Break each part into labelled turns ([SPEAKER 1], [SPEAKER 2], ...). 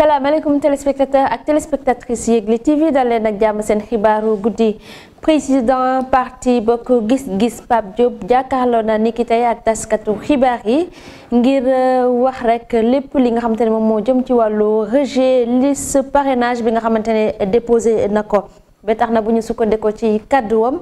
[SPEAKER 1] salaamaaleykum téléspectateurs et téléspectatrices Yegle TV dans les ak jàmm seen xibaaru président parti bokk gis-gis Pape Diop jàkkaarloo na niki tey taskatu xibaar ngir euh, wax rek lepp li nga xamantene mom mo jëm ci walu rejet liste parrainage bi nga xamantene déposé na ba tax na bu de sukkandikoo ci kàdduwam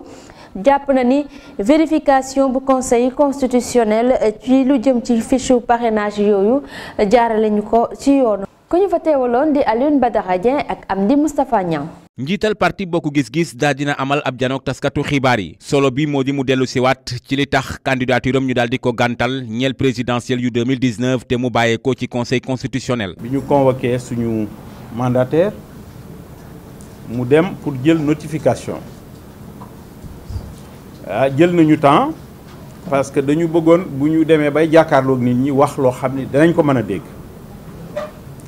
[SPEAKER 1] jàpp na ni vérification bu conseil constitutionnel ci lu jëm ci fichu parrainage yooyu jaarale ñu ko ci yoonu ku ñu fa teewaloon di Alioune Badara Dieng ak Amdi Moustapha Niang
[SPEAKER 2] njiital parti bokku gis-gis daa dina amal ab janook taskatu xibaar yi solo bi moo di mu dellu waat ci li tax candidature am ñu daal di ko gàntal ñeel présidentiel yu 2019 te mu ko ci conseil constitutionnel. bi ñu convoqué suñu mandataire mu dem pour jël notification ah jël nañu temps parce que dañu bëggoon bu ñu demee bay jàkkaarloog nit ñi wax loo xam ni danañ ko mën a dégg.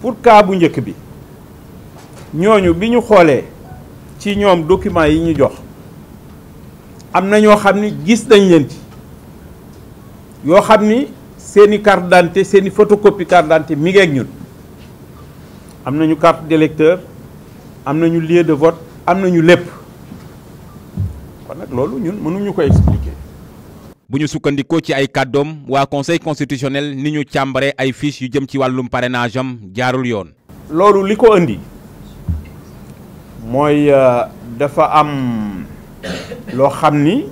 [SPEAKER 2] pour cas bu njëkk bi ñooñu bi ñu xoolee ci ñoom document yi ñu jox am na ñoo xam ni gis nañ leen ci yoo xam ni seeni carte d'identité seeni photocopie carte d'identité mi ngi ak ñun am nañu carte d'électeur am nañu lieu de vote am nañu lépp kon nag loolu ñun mënuñu ko expliquer bu ñu sukkandikoo ci ay kàddoom waa conseil constitutionnel ni ñu càmbare ay fiches yu jëm ci wàllum parrainage am jaarul yoon. loolu li ko indi mooy euh, dafa am loo xam ni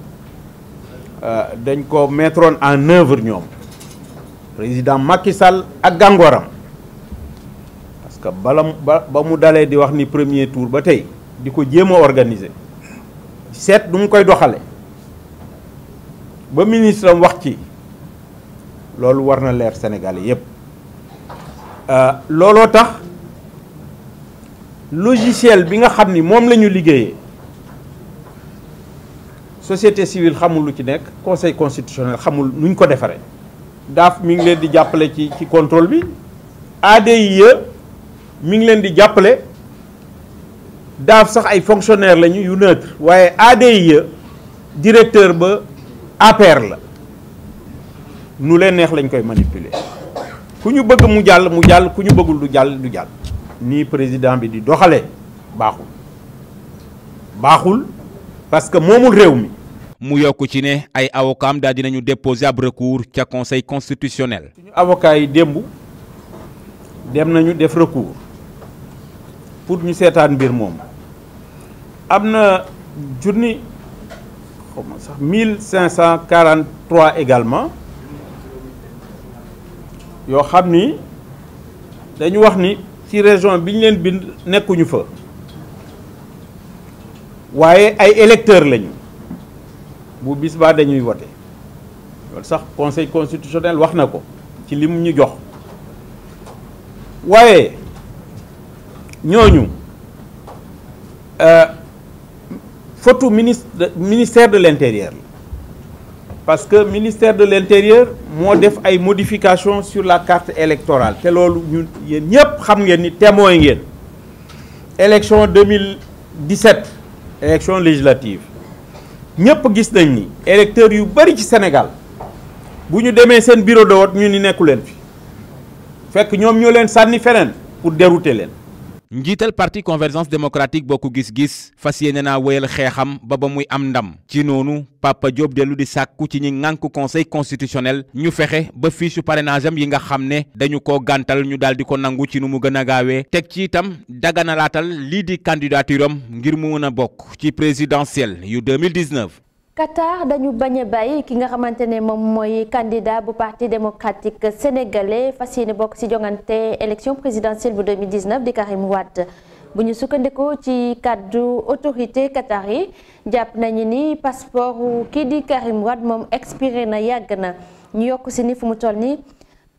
[SPEAKER 2] euh, dañ ko mettroon en œuvre ñoom président Macky Sall ak gàngooram parce que bala ba mu dalee di wax ni premier tour ba tey di ko jéem a organiser seet du koy doxale ba ministre am wax ci loolu war na leer Sénégalais yépp euh, lolo tax logiciel bi nga xamni mom lañu la société civile xamul lu ci nek conseil constitutionnel xamul nuñ ko défaré daf mi ngi leen di jappalé ci ci contrôle bi ADIE mi ngi leen di jappalé daf sax ay fonctionnaires lañu yu neutre waaye ADIE directeur ba. APR la Nous leen neex lañ koy manipuler ku ñu bëgg mu jàll mu jàll ku bëggul du du président bi di Bahul, bahul, parce que momul réew mi mu yokk ci ne ay avocaam da dinañu déposer ab recours conseil constitutionnel avocat yi dembu dem nañu def recours pour ñu sétane bir mom. Amna journée comment ça 1543 également Yo xamni dañu wax ni ci région bi len bind nekkuñu fa Waye ay électeurs lañu bu bisba dañuy voter. Lol sax conseil constitutionnel wax nako ko ci limu ñu jox ñoñu euh le ministère de l'intérieur parce que le ministère de l'intérieur a fait des modification sur la carte électorale te loolu ñun yéen élection 2017 élection législative Nous gis nañ ni électeurs du Sénégal Si ñu demee le bureau de vote ñu ni nekku leen fi fekk ñoom Nous pour dérouter gens. njiital parti convergence démocratique bokku gis-gis fas yéene naa wéyal xeexam ba ba muy am ndam ci noonu Papa Diop dellu di sàkku ci ñi ŋànk conseil constitutionnel ñu fexe ba fiche parrainage am yi nga xam ne dañu ko gàntal ñu daal di ko nangu ci nu mu gën a gaawee teg ci itam daganalaatal lii di candidature am ngir mu mën a bokk ci présidentielle yu 2019
[SPEAKER 1] Qatar dañu bañ a bàyyi ki nga xamante ne moom mooy candidat bu parti démocratique sénégalais fas yéene bokk ci jongante élection présidentielle bu 2019 di Karim wadd bu ñu sukkandikoo ci kàddu autorité Qatar yi jàpp nañu ni passeport kii di Karim Wade moom expiré na yàgg na ñu yokk si ni fu mu toll nii.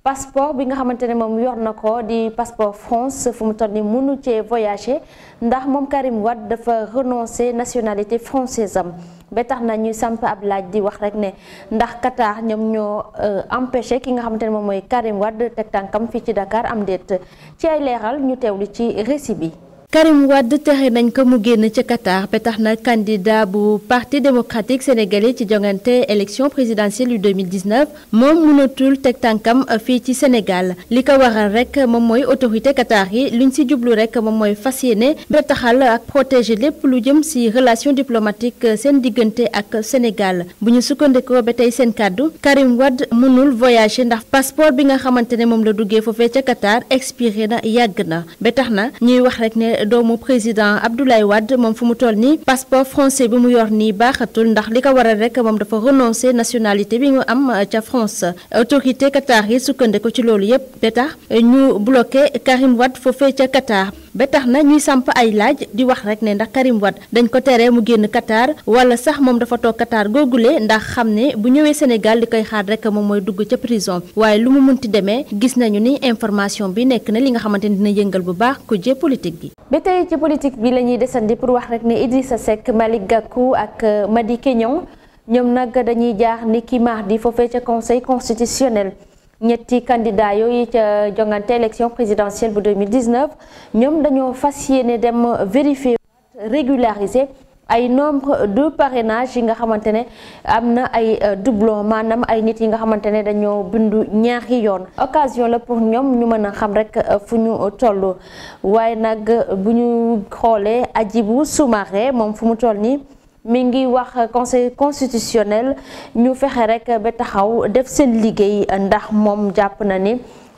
[SPEAKER 1] passeport bi nga xamantene mom yor nako di passeport France fu mu toll ni mënu voyager ndax mom Karim Wad dafa renoncer nationalité française am ba tax na ñu samp ab di wax rek ne ndax Qatar ñom ñoo euh, empêcher ki nga xamantene mom moy Karim Wad tek tankam fi ci Dakar am déet ci ay leeral ñu tewlu ci récit bi. Karim Wade tere nañ ko mu génn ci Qatar ba tax candidat bu parti démocratique sénégalais ci jongante élection présidentielle du 2019 moom mënatul teg tànkam fii ci Sénégal li ko waral rek moom mooy autorité Qatar yi luñ si jublu rek moom mooy fas yéene ba taxal ak protéger lépp lu jëm si relation diplomatique seen diggante ak Sénégal bu ñu sukkandikoo ba tey seen Karim Wade mënul voyager ndax passeport bi nga xamante ne moom la duggee foofee ca Qatar expiré na yagna na ba na ñuy wax rek ne doomu président Abdoulaye wadd moom fu mu toll nii passeport français bi mu yor nii baaxatul ndax li ko waral rek moom dafa renoncer nationalité bi ñu am ca France autorité Qatar yi sukkandiku ci loolu yépp te tax ñu bloqué Karim Wade foofee ca Qatar. ba tax na ñuy samp ay laaj di wax rek ne ndax Karim Wade dañ ko tere mu génn Qatar wala sax moom dafa toog Qatar googule ndax xam ne bu ñëwee Sénégal di koy xaar rek moom mooy dugg ca prison waaye lu mu munti demee gis nañu ni information bi nekk na li nga xamante ni dina yëngal bu baax ku jee politique bi. ba tey ci politique bi la ñuy desandi pour wax rek ne Idrissa Seck Malick Gakou ak euh, Madické Niang ñoom nag dañuy jaar ni ki mardi foofee ca conseil constitutionnel. ñetti candidat yooyu ca jongante élection présidentielle bu 2019 ñoom dañoo fas yéene dem vérifier régulariser ay nombre de parrainage yi nga xamante ne am na ay euh, doublon maanaam ay nit yi nga xamante ne dañoo bindu ñaaxi yoon occasion la pour ñoom ñu mën a xam rek euh, fu ñu toll waaye nag bu ñu xoolee Hadjibou Soumaré moom fu mu toll nii mi ngi wax conseil constitutionnel ñu fexe rek ba taxaw def seen liggéey ndax moom jàpp na ni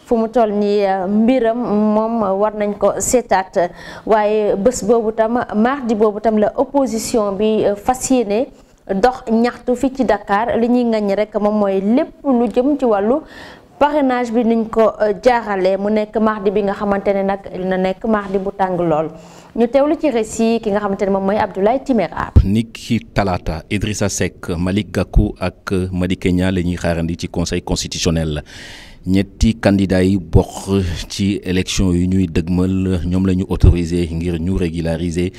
[SPEAKER 1] fu mu toll nii euh, mbiram moom war nañ ko seetaat waaye bés boobu tam mardi boobu tam la opposition bi euh, fas yéene dox ñaxtu fii ci dakaar li ñuy ngañ rek moom mooy lépp lu jëm ci wàllu parrainage bi niñ ko euh, jaarale mu nek mardi bi nga xamantene nak nag dina nekk mardi bu tang lol ñu tewlu ci récit ki nga xamantene mom moy Abdoulaye Timéra.
[SPEAKER 3] niki talata, Idrissa Sek, Malik Gakou ak Madické Kenya la ñuy xaarandi ci conseil constitutionnel ñetti candidat yi bokk ci élection yi ñuy dëgmal ñom lañu autoriser ngir ñu régulariser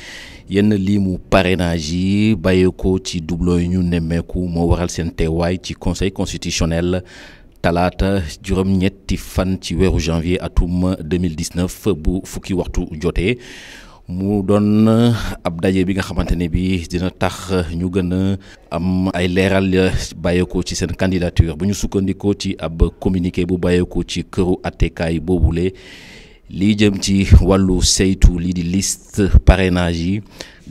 [SPEAKER 3] yenn limu parrainage yi bàyyeekoo ci doublon ñu nemmeeku mo waral sen téway ci conseil constitutionnel talata juróom-ñetti fan ci janvier atum 2019 bu fukki waxtu 2019. mu doon ab daje bi nga xamante bi dina tax ñu gën am ay ci candidature bu ñu ci ab communiqué bu li jëm ci walu saytu li di liste parrainage yi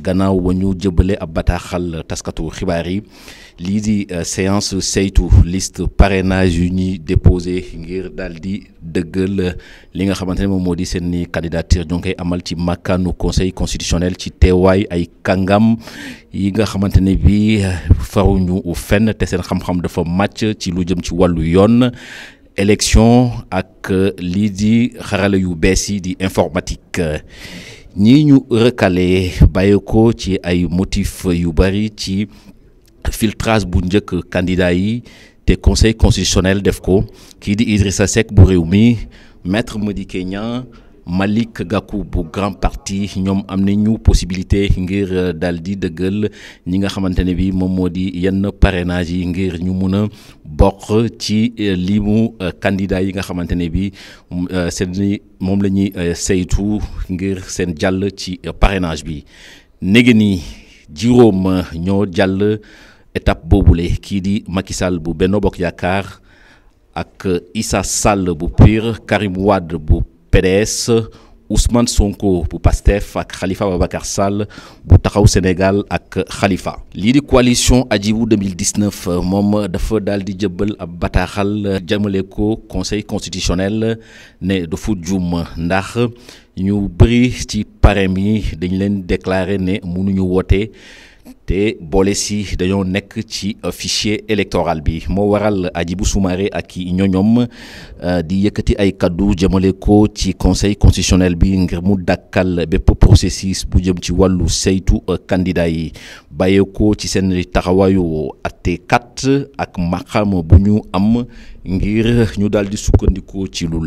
[SPEAKER 3] gannaaw ba ñu jëbale ab bataaxal taskatu xibaar yi lii di euh, séance saytu liste parrainage yu ñuy déposé ngir daal di dëggal euh, li nga xamante ne moom moo di seen candidature ñu ngi koy amal ci conseil constitutionnel ci teewaay ay kàngam yi nga xamante ne bi euh, faruñu fenn te seen xam-xam dafa màcc ci lu jëm ci wàllu yoon élection ak euh, Lidi di xarala yu Nous di informatique ñi ñu recalé bayeko ci ay motif yu bari ci filtrage bu candidat yi conseil constitutionnel def qui dit di Idrissa Seck bu maître Modi Kenyan Malik gaku bu grand parti ñom am ñu possibilité ngir euh, daldi di ñi nga xamante bi mom modi yenn parrainage ngir ñu mëna bok ci euh, limu euh, candidat yi nga xamante bi mm, seen moom la ñuy saytu ngir sen jall ci parrainage bi néegi dirom ñoo étape bobulé ki di Macky Sall bu Benno ak Issa Sall bu Pire Karim Wade bu PDS Ousmane Sonko pour Pastef ak Khalifa Babacar Sall bu au Sénégal et Khalifa L'idée di coalition Djibou 2019 Mom dafa Daldi di jëbbal conseil constitutionnel ne de juum ndax nous bris, ci nous yi dañ leen déclarer ne te boole si dañoo ci euh, fichier électoral bi mo waral Hadjibou Soumaré ak euh, di yëkëti ay cadeau jëmale ko ci conseil constitutionnel bi ngir mu dàkkal bépp processus bu jëm ci walu saytu euh, candidat yi bayé ko ci taxawayu até àttekat ak am ngir ñu daldi sukkandiko ci lu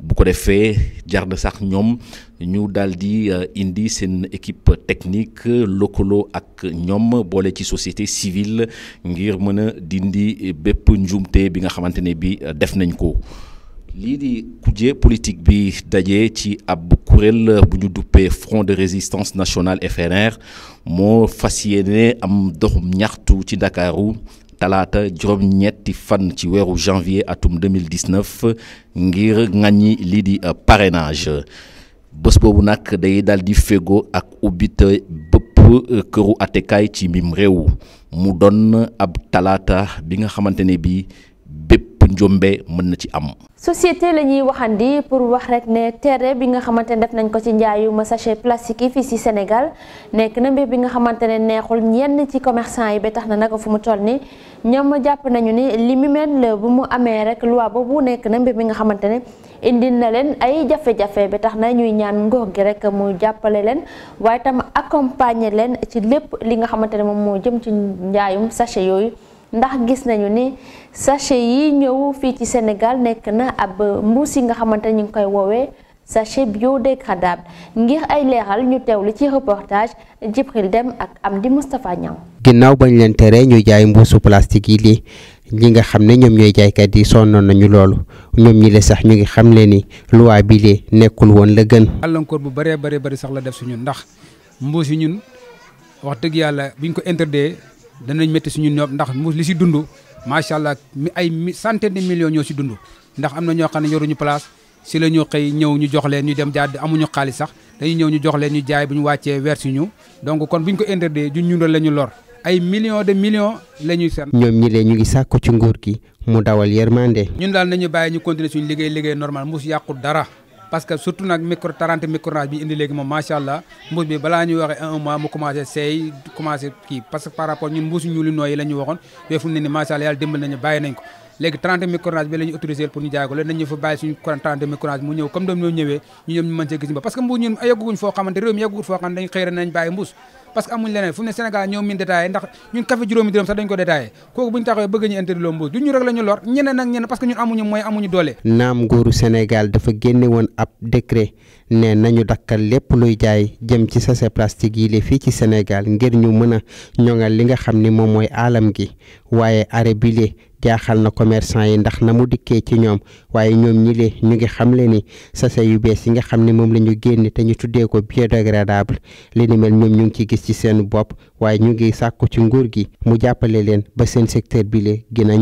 [SPEAKER 3] bu ko faits, jar euh, équipe technique locale ak société civile ngir dindi et njumté bi nga euh, politique bi daje ci ab kurel Front de Résistance Nationale FNR mo fasciné am doxum ñaxtu ci ñetti fan ci weeru janvier atum 2019 ngir ŋàññi lii di euh, parrainage bés boobu nag day daal di fego ak ubbite bëpp euh, këru attekaay ci mim réew mu doon ab talaata bi nga xamante ne bépp njombe mën na ci am.
[SPEAKER 1] société la ñuy waxandi pour wax rek ne tere bi nga xamante ne def nañ ko ci njaayum sachet plastique yi fii si Sénégal nekk na mbir bi nga xamante ne neexul ñenn ci commerçant yi ba tax na naka fu mu toll nii ñoom jàpp nañu ni li mu mel la bu mu amee rek loi boobu nekk na mbir bi nga xamante ne indi na leen ay jafe-jafe ba tax na ñuy ñaan nguur gi rek mu jàppale leen waaye tam accompagner leen ci lépp li nga xamante ne moom moo jëm ci njaayum sachet yooyu. ndax gis nañu ni sachet yi ñëw fii ci Sénégal nekk na ab mbuus yi nga xamante ñu ngi koy woowee sachet biodégradable ngir ay leeral ñu teewlu ci reportage Djibril Dem ak Amdi Moustapha Niang
[SPEAKER 4] ginnaaw bañ leen tere ñu jaay mbuusu plastique yi lii ñi nga xam ne ñoom ñooy jaaykat yi sonnoon nañu loolu ñoom ñi le sax ñu ngi xam leen ni loi bi lee nekkul woon la gën.
[SPEAKER 5] àllankoor bu bëree bëri bëri sax la def si ñun ndax mbuus yi ñun wax dëgg yàlla buñ ko danañ métti suñu ñoom ndax mu li si dund macha allah mi ay centaine de million ñoo si dund ndax am na ñoo xam ne yoruñu place si la ñu xëy ñëw ñu jox leen ñu dem jaar amuñu xaalis sax dañuy ñëw ñu jox leen ñu jaay bu ñu wàccee weer si ñu donc kon buñ ko interdee ju ñun la ñu lor ay millions de millions la ñuy seen
[SPEAKER 4] ñoom ñi de ñu ngi sàkku ci nguur gi mu dawal yërmande.
[SPEAKER 5] ñun daal nañu bàyyi ñu continuer suñu liggéey liggéey normal mus yàqu dara parce que surtout nag micro 30 micronage bi indi léegi moom macha allah mbuus bi balaa ñuy waxee un mois mu commencé seey commencé kii parce que par rapport ñun mbuusu ñuulu nooyi la ñu waxoon mais fu mu ne nii macha allah yàlla dimbal nañu bàyyi nañ ko léegi 30 micronage bi la ñu autorisé pour ñu jaay ko léegi nañ ñu fa bàyyi suñu 30 micronage mu ñëw comme doom ñoo ñëwee ñu ñoom ñu mën cee gis ba parce que mbuus ñun yegguñ foo xamante réew mi yegguñ foo xamante dañ xëy rek nañ bàyyi mbuus parce que amuñ leneen fu mu ne Sénégal ñoom min détaillé ndax ñun café juróomi dërëm sax dañ ko détaillé kooku bu ñu taxawee bëgg ñu interdit loo mbuus du ñu rek la lor ñeneen
[SPEAKER 4] ak lépp luy jaay jëm ci sachet plastique yi le fii ci Sénégal ngir ñu mën a ñoŋal li nga xam ni moom mooy aalam gi waaye arrêt bi jaaxal na commerçant yi ndax na mu dikkee ci ñoom waaye ñoom ñi lee ñu ngi xam xamle ni sachet yu bees yi nga xam ne moom la ñu génne te ñu tuddee ko biodégradable li ni mel ñoom ñu ngi ci gis ci seen bopp waaye ñu ngi sàkku ci nguur gi mu jàppale leen ba seen secteur bi le gën a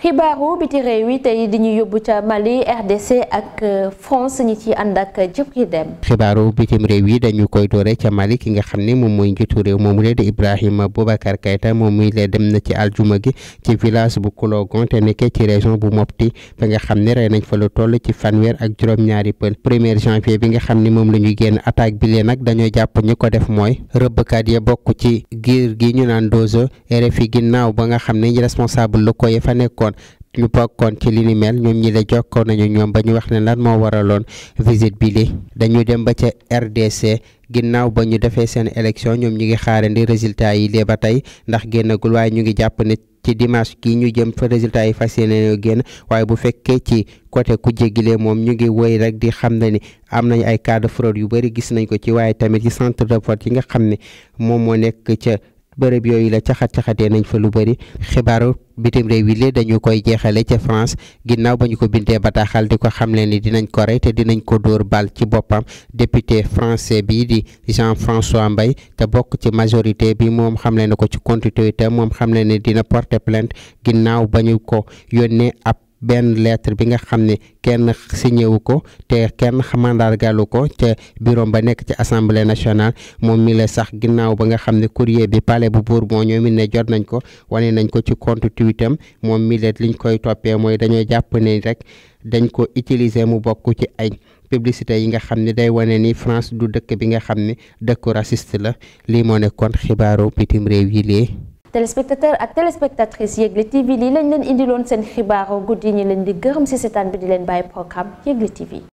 [SPEAKER 1] xibaaru biti réew yi tey di ñu yóbbu ca Mali RDC ak euh, France ñi ci ànd ak euh, Djibril Dème
[SPEAKER 4] xibaaru bitim réew yi dañu koy doore ca Mali ki nga xam ni moom mooy njiitu réew moom la di Ibrahima Boubacar Keïta moom mi la dem na ci aljuma gi ci village bu Koulogon te nekkee ci région bu Mopti fa nga xam ne rey nañ fa lu toll ci fanweer ak juróom-ñaari pël premier janvier bi nga xam ni moom la ñu génn attaque bi nag dañoo jàpp ñi ko def mooy rëbbkat ya bokk ci giir gi ñu naan dozo RFI ginnaaw ba nga xam ne responsable lu ko fa nekk bokkoon ñu bokkoon ci li ni ñoom ñi la jokkoon nañu ñoom ba ñu wax ne lan moo waraloon visite bi li dañu dem ba ca RDC ginnaaw ba ñu defee seen élection ñoom ñu ngi xaarandi résultat yi lee ba tey ndax génnagul waaye ñu ngi jàpp ne ci dimanche kii ñu jëm fa résultat yi fas yéene génn waaye bu fekkee ci côté ku jégilee moom ñu ngi woy rek di xam ne ni am nañ ay cas de yu bëri gis nañ ko ci waaye tamit ci centre de vote yi nga xam ne moom moo nekk ca bërëb yooyu la caxat-caxatee nañ fa lu bëri xibaaru bitim réew yi li dañu koy jeexale ca France ginnaaw ba ñu ko bindee bataaxal di ko xamle ni dinañ ko rey te dinañ ko dóor bal ci boppam député français bii di Jean-François mbay te bokk ci majorité bi moom xamle na ko ci constitué te moom xamle ni dina porter plainte ginnaaw ba ñu ko yónnee ab benn lettre bi nga xam ne kenn signewu ko te kenn mandargalu ko te bureau ba nekk ci assemblée nationale moom mi sax ginnaaw ba nga xam ne courrier bi pale bu Bourbon ñoom it ne jot nañ ko wane nañ ko ci compte Twitter moom mi la liñ koy toppee mooy dañoo jàpp ni rek dañ ko utiliser mu bokk ci ay. publicité yi nga xam ni day wane ni France du dëkk bi nga xam ne dëkku raciste la lii moo nekkoon xibaaru bitim réew yi lee
[SPEAKER 1] téléspectateur ak téléspectatrice Yegle TV lii lañ leen indiloon seen xibaaru guddi ñi leen di gërëm ci seetaan bi di leen bàyyi programme Yegle TV